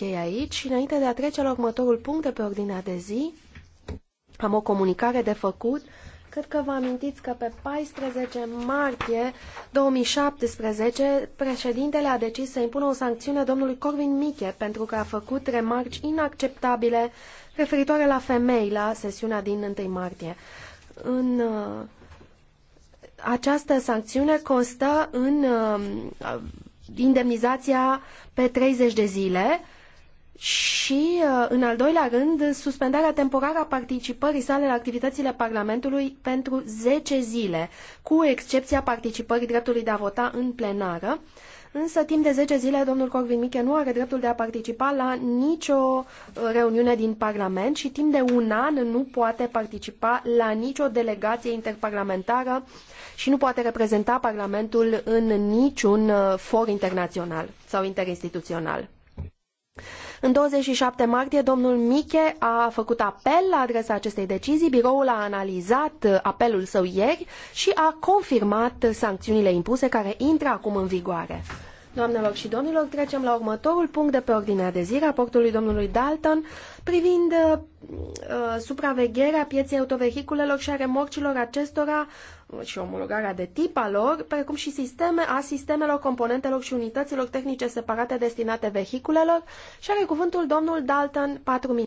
închei aici și înainte de a trece la următorul punct de pe ordinea de zi, am o comunicare de făcut. Cred că vă amintiți că pe 14 martie 2017 președintele a decis să impună o sancțiune domnului Corvin Miche pentru că a făcut remarci inacceptabile referitoare la femei la sesiunea din 1 martie. În uh, această sancțiune constă în uh, indemnizația pe 30 de zile și, uh, în al doilea rând, suspendarea temporară a participării sale la activitățile Parlamentului pentru zece zile, cu excepția participării dreptului de a vota în plenară. Însă, timp de zece zile, domnul Corvin Miche nu are dreptul de a participa la nicio uh, reuniune din Parlament și timp de un an nu poate participa la nicio delegație interparlamentară și nu poate reprezenta Parlamentul în niciun uh, for internațional sau interinstituțional. În 27 martie, domnul Miche a făcut apel la adresa acestei decizii, biroul a analizat apelul său ieri și a confirmat sancțiunile impuse care intră acum în vigoare. Doamnelor și domnilor, trecem la următorul punct de pe ordinea de zi, raportului domnului Dalton, privind uh, uh, supravegherea pieței autovehiculelor și a remorcilor acestora uh, și omologarea de tip a lor, precum și sisteme a sistemelor, componentelor și unităților tehnice separate destinate vehiculelor și are cuvântul domnul Dalton 4 minute.